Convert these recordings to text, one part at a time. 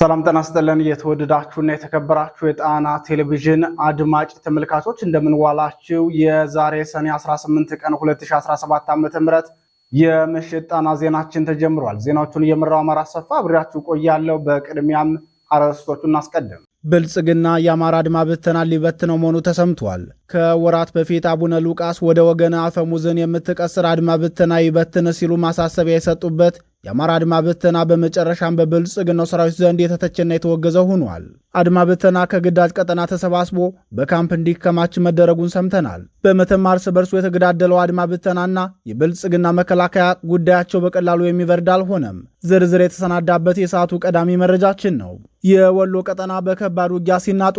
ሰላም ጤና ይስጥልን። የተወደዳችሁና የተከበራችሁ የጣና ቴሌቪዥን አድማጭ ተመልካቾች እንደምንዋላችሁ። የዛሬ ሰኔ 18 ቀን 2017 ዓ.ም የምሽት ጣና ዜናችን ተጀምሯል። ዜናዎቹን እየመራው አማራ ሰፋ አብሬያችሁ ቆያለሁ። በቅድሚያም አርዕስቶቹን እናስቀድም። ብልጽግና የአማራ አድማ ብተና ሊበትነው መሆኑ ተሰምቷል። ከወራት በፊት አቡነ ሉቃስ ወደ ወገነ አፈሙዝን የምትቀስር አድማ ብተና ይበትን ሲሉ ማሳሰቢያ የሰጡበት የአማራ አድማ ብተና በመጨረሻም በብልጽግናው ሰራዊት ዘንድ የተተቸና የተወገዘ ሆኗል። አድማ ብተና ከግዳጅ ቀጠና ተሰባስቦ በካምፕ እንዲከማች መደረጉን ሰምተናል። በመተማ እርስ በርሱ የተገዳደለው አድማ ብተናና የብልጽግና መከላከያ ጉዳያቸው በቀላሉ የሚበርድ አልሆነም። ዝርዝር የተሰናዳበት የሰዓቱ ቀዳሚ መረጃችን ነው። የወሎ ቀጠና በከባድ ውጊያ ሲናጥ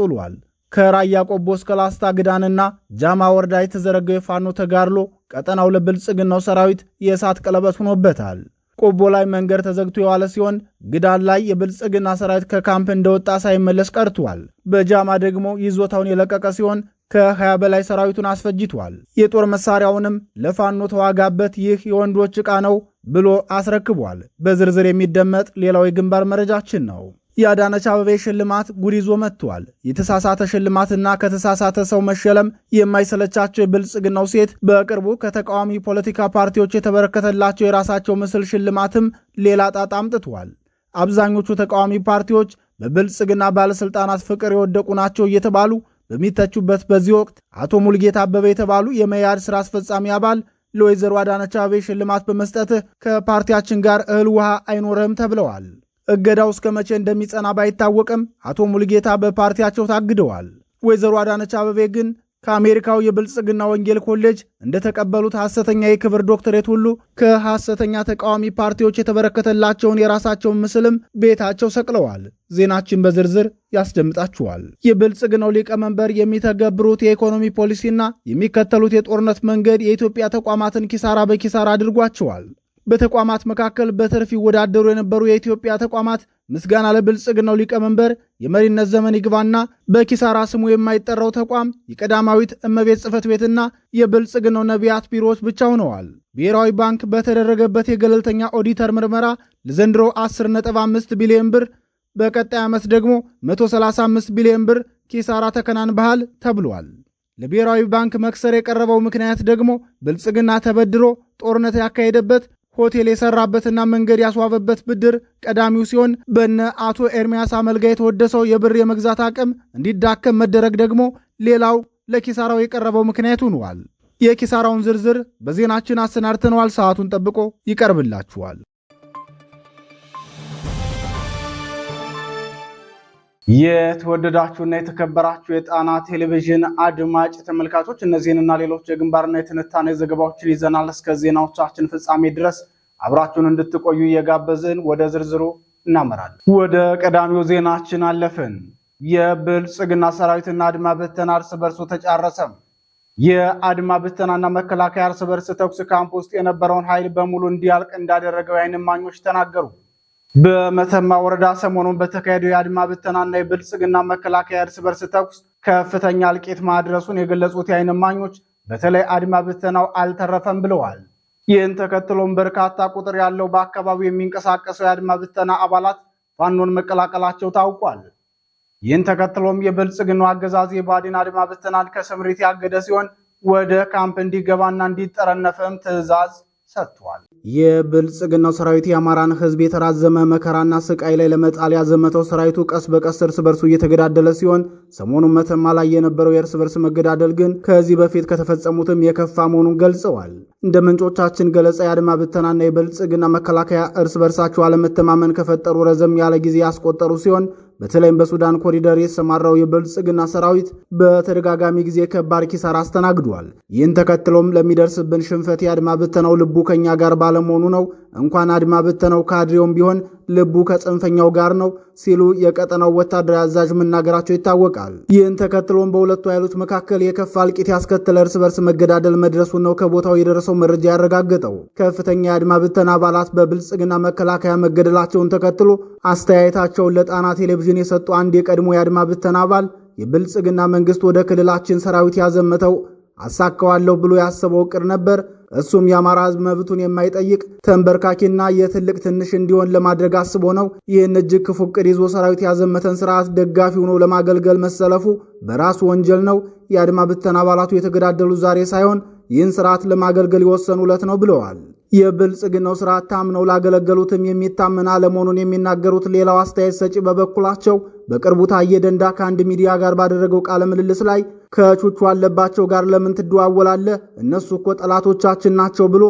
ከራያ ቆቦ እስከ ላስታ ግዳንና ጃማ ወረዳ የተዘረገው የፋኖ ተጋድሎ ቀጠናው ለብልጽግናው ሰራዊት የእሳት ቀለበት ሆኖበታል። ቆቦ ላይ መንገድ ተዘግቶ የዋለ ሲሆን ግዳን ላይ የብልጽግና ሰራዊት ከካምፕ እንደወጣ ሳይመለስ ቀርቷል። በጃማ ደግሞ ይዞታውን የለቀቀ ሲሆን ከ20 በላይ ሰራዊቱን አስፈጅቷል። የጦር መሳሪያውንም ለፋኖ ተዋጋበት፣ ይህ የወንዶች ዕቃ ነው ብሎ አስረክቧል። በዝርዝር የሚደመጥ ሌላው የግንባር መረጃችን ነው። የአዳነች አበቤ ሽልማት ጉድ ይዞ መጥቷል። የተሳሳተ ሽልማትና ከተሳሳተ ሰው መሸለም የማይሰለቻቸው የብልጽግናው ሴት በቅርቡ ከተቃዋሚ ፖለቲካ ፓርቲዎች የተበረከተላቸው የራሳቸው ምስል ሽልማትም ሌላ ጣጣ አምጥቷል። አብዛኞቹ ተቃዋሚ ፓርቲዎች በብልጽግና ባለሥልጣናት ፍቅር የወደቁ ናቸው እየተባሉ በሚተቹበት በዚህ ወቅት አቶ ሙልጌታ አበበ የተባሉ የመያድ ሥራ አስፈጻሚ አባል ለወይዘሮ አዳነች አበቤ ሽልማት በመስጠት ከፓርቲያችን ጋር እህል ውሃ አይኖርህም ተብለዋል። እገዳው እስከ መቼ እንደሚጸና ባይታወቅም አቶ ሙልጌታ በፓርቲያቸው ታግደዋል። ወይዘሮ አዳነች አበቤ ግን ከአሜሪካው የብልጽግና ወንጌል ኮሌጅ እንደተቀበሉት ሐሰተኛ የክብር ዶክትሬት ሁሉ ከሐሰተኛ ተቃዋሚ ፓርቲዎች የተበረከተላቸውን የራሳቸውን ምስልም ቤታቸው ሰቅለዋል። ዜናችን በዝርዝር ያስደምጣችኋል። የብልጽግናው ሊቀመንበር የሚተገብሩት የኢኮኖሚ ፖሊሲና የሚከተሉት የጦርነት መንገድ የኢትዮጵያ ተቋማትን ኪሳራ በኪሳራ አድርጓቸዋል። በተቋማት መካከል በትርፍ ይወዳደሩ የነበሩ የኢትዮጵያ ተቋማት ምስጋና ለብልጽግናው ሊቀመንበር የመሪነት ዘመን ይግባና በኪሳራ ስሙ የማይጠራው ተቋም የቀዳማዊት እመቤት ጽሕፈት ቤትና የብልጽግናው ነቢያት ቢሮዎች ብቻ ሆነዋል። ብሔራዊ ባንክ በተደረገበት የገለልተኛ ኦዲተር ምርመራ ለዘንድሮ 15 ቢሊዮን ብር በቀጣይ ዓመት ደግሞ 135 ቢሊዮን ብር ኪሳራ ባህል ተብሏል። ለብሔራዊ ባንክ መክሰር የቀረበው ምክንያት ደግሞ ብልጽግና ተበድሮ ጦርነት ያካሄደበት ሆቴል የሰራበትና መንገድ ያስዋበበት ብድር ቀዳሚው ሲሆን በነ አቶ ኤርሚያስ አመልጋ የተወደሰው የብር የመግዛት አቅም እንዲዳከም መደረግ ደግሞ ሌላው ለኪሳራው የቀረበው ምክንያት ሆኗል። የኪሳራውን ዝርዝር በዜናችን አሰናድተነዋል። ሰዓቱን ጠብቆ ይቀርብላችኋል። የተወደዳችሁና የተከበራችሁ የጣና ቴሌቪዥን አድማጭ ተመልካቾች እነዚህንና ሌሎች የግንባርና የትንታኔ ዘገባዎችን ይዘናል። እስከ ዜናዎቻችን ፍጻሜ ድረስ አብራችሁን እንድትቆዩ እየጋበዝን ወደ ዝርዝሩ እናመራለን። ወደ ቀዳሚው ዜናችን አለፍን። የብልጽግና ሰራዊትና አድማ ብተና እርስ በርሶ ተጫረሰም። የአድማ ብተናና መከላከያ እርስ በርስ ተኩስ ካምፕ ውስጥ የነበረውን ኃይል በሙሉ እንዲያልቅ እንዳደረገው የዓይን እማኞች ተናገሩ። በመተማ ወረዳ ሰሞኑን በተካሄደው የአድማ ብተናና የብልጽግና መከላከያ እርስ በርስ ተኩስ ከፍተኛ እልቂት ማድረሱን የገለጹት የዓይን እማኞች በተለይ አድማ ብተናው አልተረፈም ብለዋል። ይህን ተከትሎም በርካታ ቁጥር ያለው በአካባቢው የሚንቀሳቀሰው የአድማ ብተና አባላት ፋኖን መቀላቀላቸው ታውቋል። ይህን ተከትሎም የብልጽግናው አገዛዝ የባዲን አድማ ብተናን ከስምሪት ያገደ ሲሆን ወደ ካምፕ እንዲገባና እንዲጠረነፍም ትዕዛዝ ሰጥቷል። የብልጽግናው ሰራዊት የአማራን ህዝብ የተራዘመ መከራና ስቃይ ላይ ለመጣል ያዘመተው ሰራዊቱ ቀስ በቀስ እርስ በርሱ እየተገዳደለ ሲሆን ሰሞኑን መተማ ላይ የነበረው የእርስ በርስ መገዳደል ግን ከዚህ በፊት ከተፈጸሙትም የከፋ መሆኑን ገልጸዋል። እንደ ምንጮቻችን ገለጻ የአድማ ብተናና የብልጽግና መከላከያ እርስ በርሳቸው አለመተማመን ከፈጠሩ ረዘም ያለ ጊዜ ያስቆጠሩ ሲሆን በተለይም በሱዳን ኮሪደር የተሰማራው የብልጽግና ሰራዊት በተደጋጋሚ ጊዜ ከባድ ኪሳራ አስተናግዷል። ይህን ተከትሎም ለሚደርስብን ሽንፈት የአድማ ብተናው ልቡ ከኛ ጋር ባለመሆኑ ነው፣ እንኳን አድማ ብተናው ካድሬውም ቢሆን ልቡ ከጽንፈኛው ጋር ነው ሲሉ የቀጠናው ወታደራዊ አዛዥ መናገራቸው ይታወቃል። ይህን ተከትሎም በሁለቱ ኃይሎች መካከል የከፋ እልቂት ያስከተለ እርስ በርስ መገዳደል መድረሱን ነው ከቦታው የደረሰው መረጃ ያረጋገጠው። ከፍተኛ የአድማ ብተና አባላት በብልጽግና መከላከያ መገደላቸውን ተከትሎ አስተያየታቸውን ለጣና ቴሌቪዥን የሰጡ አንድ የቀድሞ የአድማ ብተና አባል የብልጽግና መንግስት ወደ ክልላችን ሰራዊት ያዘመተው አሳካዋለሁ ብሎ ያሰበው እቅድ ነበር እሱም የአማራ ህዝብ መብቱን የማይጠይቅ ተንበርካኪና የትልቅ ትንሽ እንዲሆን ለማድረግ አስቦ ነው ይህን እጅግ ክፉ ዕቅድ ይዞ ሰራዊት ያዘመተን ስርዓት ደጋፊ ሆኖ ለማገልገል መሰለፉ በራሱ ወንጀል ነው። የአድማ ብተን አባላቱ የተገዳደሉ ዛሬ ሳይሆን ይህን ስርዓት ለማገልገል የወሰኑለት ነው ብለዋል። የብልጽግናው ስርዓት ታምነው ላገለገሉትም የሚታመን አለመሆኑን የሚናገሩት ሌላው አስተያየት ሰጪ በበኩላቸው በቅርቡ ታየ ደንዳ ከአንድ ሚዲያ ጋር ባደረገው ቃለ ምልልስ ላይ ከቹቹ አለባቸው ጋር ለምን ትደዋወላለ? እነሱ እኮ ጠላቶቻችን ናቸው ብሎ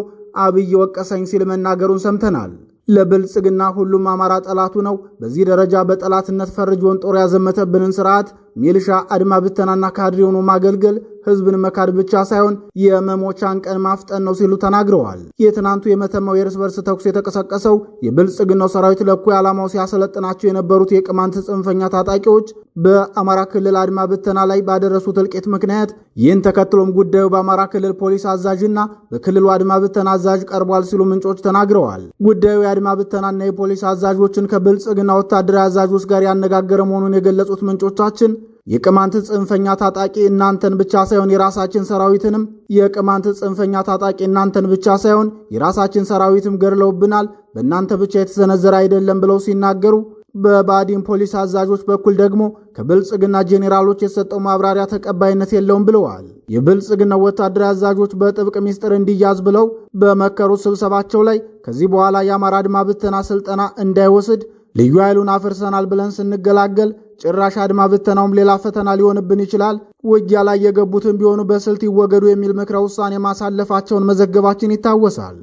አብይ ወቀሰኝ ሲል መናገሩን ሰምተናል። ለብልጽግና ሁሉም አማራ ጠላቱ ነው። በዚህ ደረጃ በጠላትነት ፈርጆን ጦር ያዘመተብንን ስርዓት ሚልሻ፣ አድማ ብተናና ካድሬ ሆኖ ማገልገል ህዝብን መካድ ብቻ ሳይሆን የመሞቻን ቀን ማፍጠን ነው ሲሉ ተናግረዋል። የትናንቱ የመተማው የእርስ በርስ ተኩስ የተቀሰቀሰው የብልጽግናው ሰራዊት ለኩ ዓላማው ሲያሰለጥናቸው የነበሩት የቅማንት ጽንፈኛ ታጣቂዎች በአማራ ክልል አድማ ብተና ላይ ባደረሱት እልቂት ምክንያት ይህን ተከትሎም ጉዳዩ በአማራ ክልል ፖሊስ አዛዥና በክልሉ አድማ ብተና አዛዥ ቀርቧል ሲሉ ምንጮች ተናግረዋል። ጉዳዩ የአድማ ብተናና የፖሊስ አዛዦችን ከብልጽግና ወታደራዊ አዛዦች ጋር ያነጋገረ መሆኑን የገለጹት ምንጮቻችን የቅማንት ጽንፈኛ ታጣቂ እናንተን ብቻ ሳይሆን የራሳችን ሰራዊትንም የቅማንት ጽንፈኛ ታጣቂ እናንተን ብቻ ሳይሆን የራሳችን ሰራዊትም ገድለውብናል፣ በእናንተ ብቻ የተሰነዘረ አይደለም ብለው ሲናገሩ በባዲን ፖሊስ አዛዦች በኩል ደግሞ ከብልጽግና ጄኔራሎች የሰጠው ማብራሪያ ተቀባይነት የለውም ብለዋል። የብልጽግና ወታደራዊ አዛዦች በጥብቅ ሚስጥር እንዲያዝ ብለው በመከሩት ስብሰባቸው ላይ ከዚህ በኋላ የአማራ አድማ ብተና ስልጠና እንዳይወስድ ልዩ ኃይሉን አፈርሰናል ብለን ስንገላገል ጭራሽ አድማ ብተናውም ሌላ ፈተና ሊሆንብን ይችላል። ውጊያ ላይ የገቡትን ቢሆኑ በስልት ይወገዱ የሚል ምክረ ውሳኔ ማሳለፋቸውን መዘገባችን ይታወሳል።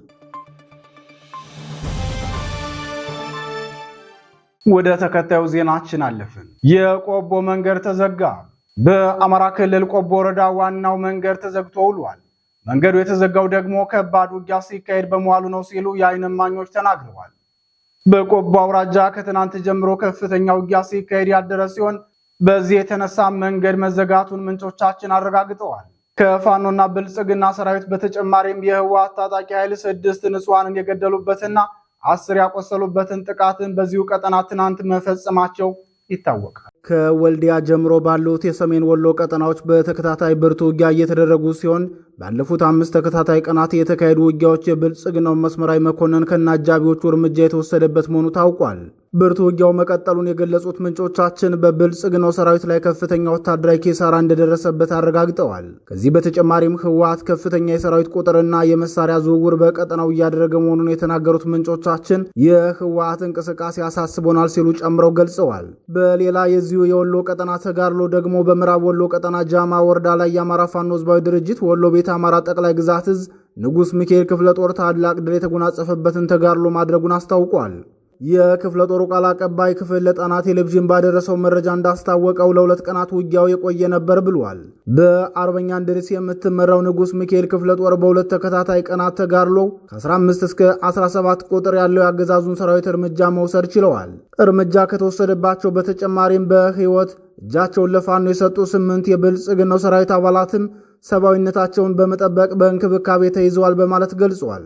ወደ ተከታዩ ዜናችን አለፍን። የቆቦ መንገድ ተዘጋ። በአማራ ክልል ቆቦ ወረዳ ዋናው መንገድ ተዘግቶ ውሏል። መንገዱ የተዘጋው ደግሞ ከባድ ውጊያ ሲካሄድ በመዋሉ ነው ሲሉ የዓይን እማኞች ተናግረዋል። በቆቦ አውራጃ ከትናንት ጀምሮ ከፍተኛ ውጊያ ሲካሄድ ያደረ ሲሆን በዚህ የተነሳ መንገድ መዘጋቱን ምንጮቻችን አረጋግጠዋል። ከፋኖና ብልጽግና ሰራዊት በተጨማሪም የህወሓት ታጣቂ ኃይል ስድስት ንጹሐንን የገደሉበትና አስር ያቆሰሉበትን ጥቃትን በዚሁ ቀጠና ትናንት መፈጸማቸው ይታወቃል። ከወልዲያ ጀምሮ ባሉት የሰሜን ወሎ ቀጠናዎች በተከታታይ ብርቱ ውጊያ እየተደረጉ ሲሆን ባለፉት አምስት ተከታታይ ቀናት የተካሄዱ ውጊያዎች የብልጽግናው መስመራዊ መኮንን ከና አጃቢዎቹ እርምጃ የተወሰደበት መሆኑ ታውቋል። ብርቱ ውጊያው መቀጠሉን የገለጹት ምንጮቻችን በብልጽግናው ሰራዊት ላይ ከፍተኛ ወታደራዊ ኪሳራ እንደደረሰበት አረጋግጠዋል። ከዚህ በተጨማሪም ህወሓት ከፍተኛ የሰራዊት ቁጥርና የመሳሪያ ዝውውር በቀጠናው እያደረገ መሆኑን የተናገሩት ምንጮቻችን የህወሓት እንቅስቃሴ አሳስቦናል ሲሉ ጨምረው ገልጸዋል። በሌላ የዚ በሰፊው የወሎ ቀጠና ተጋድሎ ደግሞ በምዕራብ ወሎ ቀጠና ጃማ ወረዳ ላይ የአማራ ፋኖ ህዝባዊ ድርጅት ወሎ ቤት አማራ ጠቅላይ ግዛት እዝ ንጉሥ ሚካኤል ክፍለ ጦር ታላቅ ድል የተጎናጸፈበትን ተጋድሎ ማድረጉን አስታውቋል። የክፍለ ጦሩ ቃል አቀባይ ክፍል ለጣና ቴሌቪዥን ባደረሰው መረጃ እንዳስታወቀው ለሁለት ቀናት ውጊያው የቆየ ነበር ብሏል። በአርበኛ እንድሪስ የምትመራው ንጉሥ ሚካኤል ክፍለ ጦር በሁለት ተከታታይ ቀናት ተጋድሎ ከ15 እስከ 17 ቁጥር ያለው የአገዛዙን ሰራዊት እርምጃ መውሰድ ችለዋል። እርምጃ ከተወሰደባቸው በተጨማሪም በሕይወት እጃቸውን ለፋኖ የሰጡ ስምንት የብልጽግናው ሰራዊት አባላትም ሰብአዊነታቸውን በመጠበቅ በእንክብካቤ ተይዘዋል በማለት ገልጿል።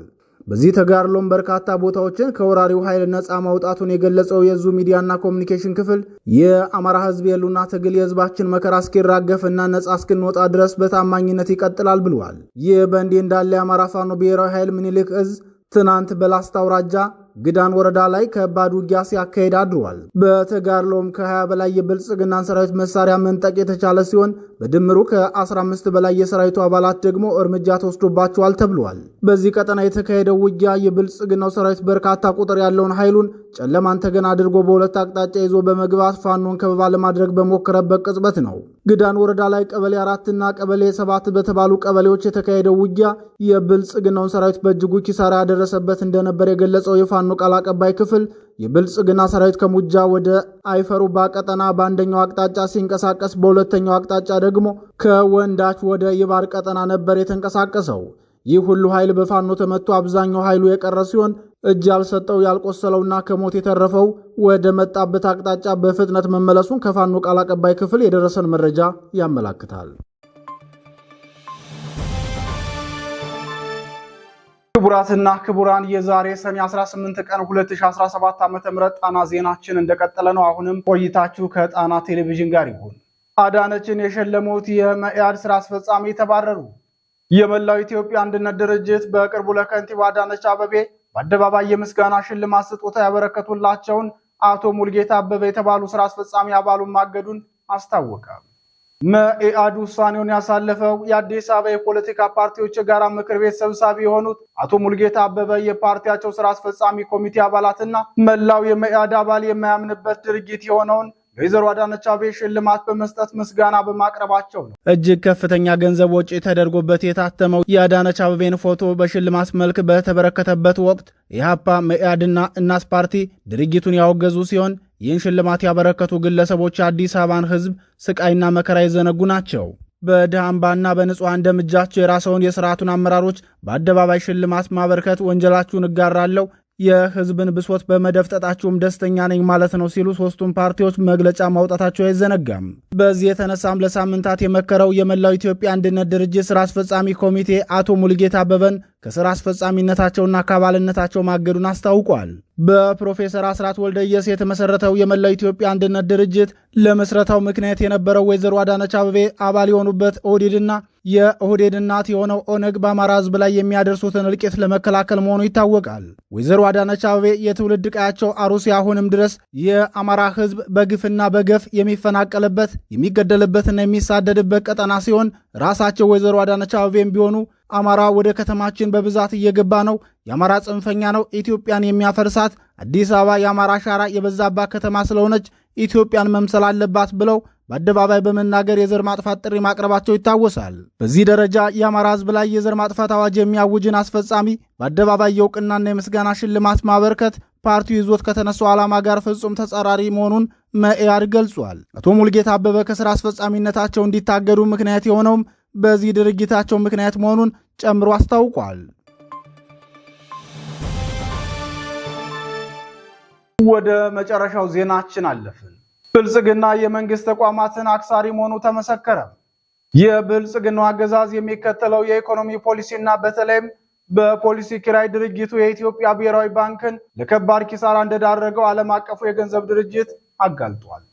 በዚህ ተጋድሎም በርካታ ቦታዎችን ከወራሪው ኃይል ነፃ ማውጣቱን የገለጸው የዙ ሚዲያና ኮሚኒኬሽን ክፍል የአማራ ህዝብ የሉና ትግል የህዝባችን መከራ እስኪራገፍ እና ነፃ እስክንወጣ ድረስ በታማኝነት ይቀጥላል ብለዋል። ይህ በእንዲህ እንዳለ የአማራ ፋኖ ብሔራዊ ኃይል ምኒልክ እዝ ትናንት በላስታ አውራጃ ግዳን ወረዳ ላይ ከባድ ውጊያ ሲያካሄድ አድሯል። በተጋድሎም ከ20 በላይ የብልጽግናን ሰራዊት መሳሪያ መንጠቅ የተቻለ ሲሆን በድምሩ ከ15 በላይ የሰራዊቱ አባላት ደግሞ እርምጃ ተወስዶባቸዋል ተብሏል። በዚህ ቀጠና የተካሄደው ውጊያ የብልጽግናው ሰራዊት በርካታ ቁጥር ያለውን ኃይሉን ጨለማን ተገን አድርጎ በሁለት አቅጣጫ ይዞ በመግባት ፋኖን ከበባ ለማድረግ በሞከረበት ቅጽበት ነው። ግዳን ወረዳ ላይ ቀበሌ አራትና ቀበሌ ሰባት በተባሉ ቀበሌዎች የተካሄደው ውጊያ የብልጽግናውን ሰራዊት በእጅጉ ኪሳራ ያደረሰበት እንደነበር የገለጸው የፋ የፋኖ ቃል አቀባይ ክፍል የብልጽግና ሰራዊት ከሙጃ ወደ አይፈሩባ ቀጠና በአንደኛው አቅጣጫ ሲንቀሳቀስ፣ በሁለተኛው አቅጣጫ ደግሞ ከወንዳች ወደ ይባር ቀጠና ነበር የተንቀሳቀሰው። ይህ ሁሉ ኃይል በፋኖ ተመቶ አብዛኛው ኃይሉ የቀረ ሲሆን እጅ ያልሰጠው ያልቆሰለውና ከሞት የተረፈው ወደ መጣበት አቅጣጫ በፍጥነት መመለሱን ከፋኖ ቃል አቀባይ ክፍል የደረሰን መረጃ ያመላክታል። ክቡራትና ክቡራን የዛሬ ሰኔ 18 ቀን 2017 ዓ.ም ጣና ዜናችን እንደቀጠለ ነው። አሁንም ቆይታችሁ ከጣና ቴሌቪዥን ጋር ይሁን። አዳነችን የሸለሙት የመኢአድ ስራ አስፈጻሚ ተባረሩ። የመላው ኢትዮጵያ አንድነት ድርጅት በቅርቡ ለከንቲባ አዳነች አበቤ በአደባባይ የምስጋና ሽልማት ስጦታ ያበረከቱላቸውን አቶ ሙልጌታ አበበ የተባሉ ስራ አስፈጻሚ አባሉን ማገዱን አስታወቀ። መኢአድ ውሳኔውን ያሳለፈው የአዲስ አበባ የፖለቲካ ፓርቲዎች የጋራ ምክር ቤት ሰብሳቢ የሆኑት አቶ ሙልጌታ አበበ የፓርቲያቸው ስራ አስፈጻሚ ኮሚቴ አባላትና መላው የመኢአድ አባል የማያምንበት ድርጊት የሆነውን ወይዘሮ አዳነች አቤቤ ሽልማት በመስጠት ምስጋና በማቅረባቸው ነው። እጅግ ከፍተኛ ገንዘብ ወጪ ተደርጎበት የታተመው የአዳነች አቤቤን ፎቶ በሽልማት መልክ በተበረከተበት ወቅት ኢህአፓ፣ መኢአድና እናስ ፓርቲ ድርጊቱን ያወገዙ ሲሆን ይህን ሽልማት ያበረከቱ ግለሰቦች የአዲስ አበባን ህዝብ ስቃይና መከራ የዘነጉ ናቸው። በድሃ በንጹሐን ደም እጃቸው የራሰውን የስርዓቱን አመራሮች በአደባባይ ሽልማት ማበርከት ወንጀላችሁን እጋራለሁ፣ የህዝብን ብሶት በመደፍጠጣችሁም ደስተኛ ነኝ ማለት ነው ሲሉ ሶስቱም ፓርቲዎች መግለጫ ማውጣታቸው አይዘነጋም። በዚህ የተነሳም ለሳምንታት የመከረው የመላው ኢትዮጵያ አንድነት ድርጅት ስራ አስፈጻሚ ኮሚቴ አቶ ሙልጌታ አበበን ከስራ አስፈጻሚነታቸውና ከአባልነታቸው ማገዱን አስታውቋል። በፕሮፌሰር አስራት ወልደየስ የተመሰረተው የመላው ኢትዮጵያ አንድነት ድርጅት ለመስረታው ምክንያት የነበረው ወይዘሮ አዳነች አበቤ አባል የሆኑበት ኦህዴድና የኦህዴድ እናት የሆነው ኦነግ በአማራ ሕዝብ ላይ የሚያደርሱትን እልቂት ለመከላከል መሆኑ ይታወቃል። ወይዘሮ አዳነች አበቤ የትውልድ ቀያቸው አሩሲ አሁንም ድረስ የአማራ ሕዝብ በግፍና በገፍ የሚፈናቀልበት የሚገደልበትና የሚሳደድበት ቀጠና ሲሆን ራሳቸው ወይዘሮ አዳነች አበቤም ቢሆኑ አማራ ወደ ከተማችን በብዛት እየገባ ነው፣ የአማራ ጽንፈኛ ነው፣ ኢትዮጵያን የሚያፈርሳት አዲስ አበባ የአማራ አሻራ የበዛባት ከተማ ስለሆነች ኢትዮጵያን መምሰል አለባት ብለው በአደባባይ በመናገር የዘር ማጥፋት ጥሪ ማቅረባቸው ይታወሳል። በዚህ ደረጃ የአማራ ሕዝብ ላይ የዘር ማጥፋት አዋጅ የሚያውጅን አስፈጻሚ በአደባባይ የእውቅናና የምስጋና ሽልማት ማበርከት ፓርቲው ይዞት ከተነሳው ዓላማ ጋር ፍጹም ተጻራሪ መሆኑን መኢአድ ገልጿል። አቶ ሙልጌታ አበበ ከስራ አስፈጻሚነታቸው እንዲታገዱ ምክንያት የሆነውም በዚህ ድርጊታቸው ምክንያት መሆኑን ጨምሮ አስታውቋል። ወደ መጨረሻው ዜናችን አለፍን። ብልጽግና የመንግስት ተቋማትን አክሳሪ መሆኑ ተመሰከረ። የብልጽግናው አገዛዝ የሚከተለው የኢኮኖሚ ፖሊሲና በተለይም በፖሊሲ ኪራይ ድርጅቱ የኢትዮጵያ ብሔራዊ ባንክን ለከባድ ኪሳራ እንደዳረገው ዓለም አቀፉ የገንዘብ ድርጅት አጋልጧል።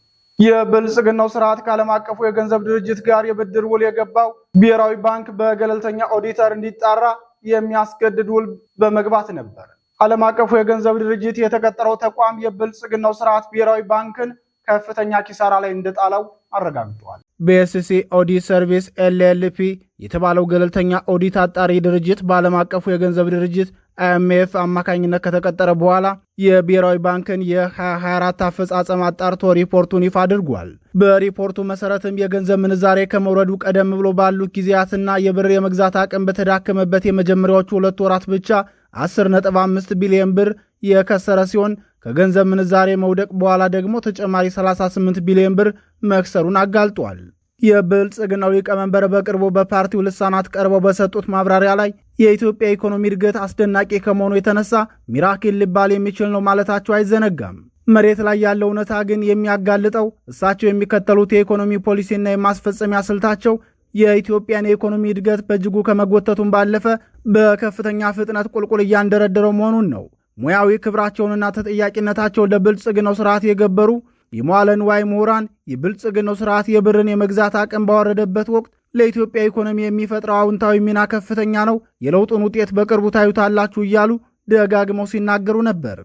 የብልጽግናው ስርዓት ከዓለም አቀፉ የገንዘብ ድርጅት ጋር የብድር ውል የገባው ብሔራዊ ባንክ በገለልተኛ ኦዲተር እንዲጣራ የሚያስገድድ ውል በመግባት ነበር። ዓለም አቀፉ የገንዘብ ድርጅት የተቀጠረው ተቋም የብልጽግናው ስርዓት ብሔራዊ ባንክን ከፍተኛ ኪሳራ ላይ እንደጣለው አረጋግጧል። ቢኤስሲ ኦዲት ሰርቪስ ኤልኤልፒ የተባለው ገለልተኛ ኦዲት አጣሪ ድርጅት በዓለም አቀፉ የገንዘብ ድርጅት አይኤምኤፍ አማካኝነት ከተቀጠረ በኋላ የብሔራዊ ባንክን የ2024 አፈጻጸም አጣርቶ ሪፖርቱን ይፋ አድርጓል። በሪፖርቱ መሰረትም የገንዘብ ምንዛሬ ከመውረዱ ቀደም ብሎ ባሉት ጊዜያትና የብር የመግዛት አቅም በተዳከመበት የመጀመሪያዎቹ ሁለት ወራት ብቻ 10.5 ቢሊዮን ብር የከሰረ ሲሆን ከገንዘብ ምንዛሬ መውደቅ በኋላ ደግሞ ተጨማሪ 38 ቢሊዮን ብር መክሰሩን አጋልጧል። የብልጽግናው ሊቀመንበር በቅርቡ በፓርቲው ልሳናት ቀርበው በሰጡት ማብራሪያ ላይ የኢትዮጵያ ኢኮኖሚ እድገት አስደናቂ ከመሆኑ የተነሳ ሚራኪል ሊባል የሚችል ነው ማለታቸው አይዘነጋም። መሬት ላይ ያለው እውነታ ግን የሚያጋልጠው እሳቸው የሚከተሉት የኢኮኖሚ ፖሊሲና የማስፈጸሚያ ስልታቸው የኢትዮጵያን የኢኮኖሚ እድገት በእጅጉ ከመጎተቱን ባለፈ በከፍተኛ ፍጥነት ቁልቁል እያንደረደረው መሆኑን ነው። ሙያዊ ክብራቸውንና ተጠያቂነታቸውን ለብልጽግናው ስርዓት የገበሩ የመዋለ ንዋይ ምሁራን የብልጽግናው ስርዓት የብርን የመግዛት አቅም ባወረደበት ወቅት ለኢትዮጵያ ኢኮኖሚ የሚፈጥረው አውንታዊ ሚና ከፍተኛ ነው፣ የለውጡን ውጤት በቅርቡ ታዩታላችሁ እያሉ ደጋግመው ሲናገሩ ነበር።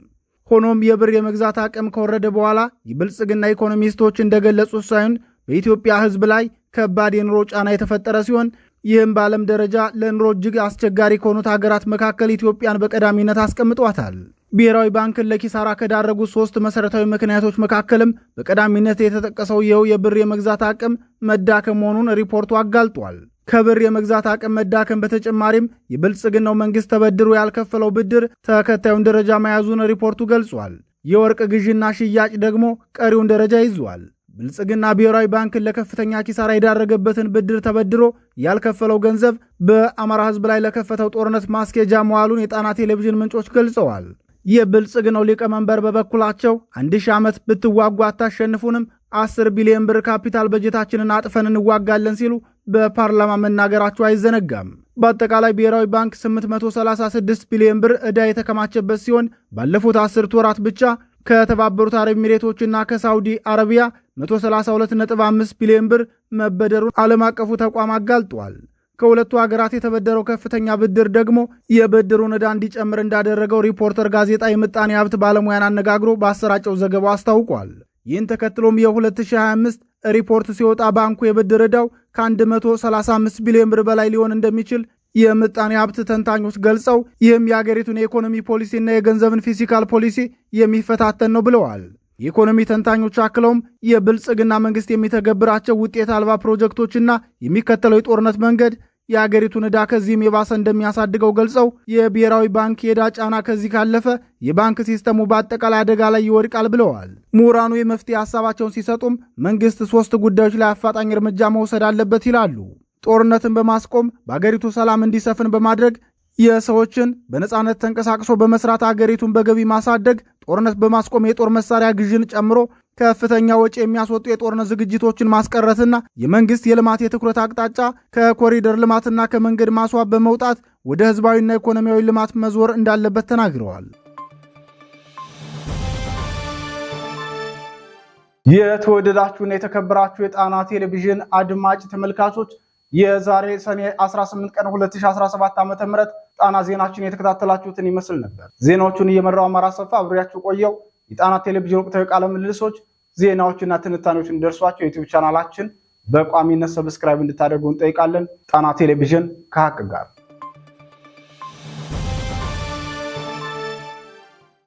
ሆኖም የብር የመግዛት አቅም ከወረደ በኋላ የብልጽግና ኢኮኖሚስቶች እንደገለጹት ሳይሆን በኢትዮጵያ ሕዝብ ላይ ከባድ የኑሮ ጫና የተፈጠረ ሲሆን ይህም በዓለም ደረጃ ለኑሮ እጅግ አስቸጋሪ ከሆኑት ሀገራት መካከል ኢትዮጵያን በቀዳሚነት አስቀምጧታል። ብሔራዊ ባንክን ለኪሳራ ከዳረጉት ሶስት መሰረታዊ ምክንያቶች መካከልም በቀዳሚነት የተጠቀሰው ይኸው የብር የመግዛት አቅም መዳከም መሆኑን ሪፖርቱ አጋልጧል። ከብር የመግዛት አቅም መዳከም በተጨማሪም የብልጽግናው መንግስት ተበድሮ ያልከፈለው ብድር ተከታዩን ደረጃ መያዙን ሪፖርቱ ገልጿል። የወርቅ ግዥና ሽያጭ ደግሞ ቀሪውን ደረጃ ይዟል። ብልጽግና ብሔራዊ ባንክን ለከፍተኛ ኪሳራ የዳረገበትን ብድር ተበድሮ ያልከፈለው ገንዘብ በአማራ ሕዝብ ላይ ለከፈተው ጦርነት ማስኬጃ መዋሉን የጣና ቴሌቪዥን ምንጮች ገልጸዋል። የብልጽግናው ሊቀመንበር በበኩላቸው አንድ ሺህ ዓመት ብትዋጉ አታሸንፉንም፣ አስር ቢሊዮን ብር ካፒታል በጀታችንን አጥፈን እንዋጋለን ሲሉ በፓርላማ መናገራቸው አይዘነጋም። በአጠቃላይ ብሔራዊ ባንክ 836 ቢሊዮን ብር ዕዳ የተከማቸበት ሲሆን ባለፉት አስርት ወራት ብቻ ከተባበሩት አረብ ኤሚሬቶችና ከሳውዲ አረቢያ 132.5 ቢሊዮን ብር መበደሩን ዓለም አቀፉ ተቋም አጋልጧል። ከሁለቱ ሀገራት የተበደረው ከፍተኛ ብድር ደግሞ የብድሩን ዕዳ እንዲጨምር እንዳደረገው ሪፖርተር ጋዜጣ የምጣኔ ሀብት ባለሙያን አነጋግሮ በአሰራጨው ዘገባው አስታውቋል። ይህን ተከትሎም የ2025 ሪፖርት ሲወጣ ባንኩ የብድር ዕዳው ከ135 ቢሊዮን ብር በላይ ሊሆን እንደሚችል የምጣኔ ሀብት ተንታኞች ገልጸው ይህም የአገሪቱን የኢኮኖሚ ፖሊሲና የገንዘብን ፊስካል ፖሊሲ የሚፈታተን ነው ብለዋል። የኢኮኖሚ ተንታኞች አክለውም የብልጽግና መንግስት የሚተገብራቸው ውጤት አልባ ፕሮጀክቶችና የሚከተለው የጦርነት መንገድ የአገሪቱን ዕዳ ከዚህም የባሰ እንደሚያሳድገው ገልጸው የብሔራዊ ባንክ የዕዳ ጫና ከዚህ ካለፈ የባንክ ሲስተሙ በአጠቃላይ አደጋ ላይ ይወድቃል ብለዋል። ምሁራኑ የመፍትሄ ሀሳባቸውን ሲሰጡም መንግስት ሶስት ጉዳዮች ላይ አፋጣኝ እርምጃ መውሰድ አለበት ይላሉ። ጦርነትን በማስቆም በአገሪቱ ሰላም እንዲሰፍን በማድረግ የሰዎችን በነፃነት ተንቀሳቅሶ በመስራት አገሪቱን በገቢ ማሳደግ ጦርነት በማስቆም የጦር መሳሪያ ግዥን ጨምሮ ከፍተኛ ወጪ የሚያስወጡ የጦርነት ዝግጅቶችን ማስቀረትና የመንግስት የልማት የትኩረት አቅጣጫ ከኮሪደር ልማትና ከመንገድ ማስዋብ በመውጣት ወደ ህዝባዊና ኢኮኖሚያዊ ልማት መዞር እንዳለበት ተናግረዋል። የተወደዳችሁና የተከበራችሁ የጣና ቴሌቪዥን አድማጭ ተመልካቾች የዛሬ ሰኔ 18 ቀን 2017 ም ጣና ዜናችን የተከታተላችሁትን ይመስል ነበር። ዜናዎቹን እየመራው አማራ ሰፋ አብሬያችሁ ቆየው። የጣና ቴሌቪዥን ወቅታዊ ቃለ ምልልሶች፣ ዜናዎችና ትንታኔዎች እንደርሷቸው የዩቲዩብ ቻናላችን በቋሚነት ሰብስክራይብ እንድታደርጉ እንጠይቃለን። ጣና ቴሌቪዥን ከሀቅ ጋር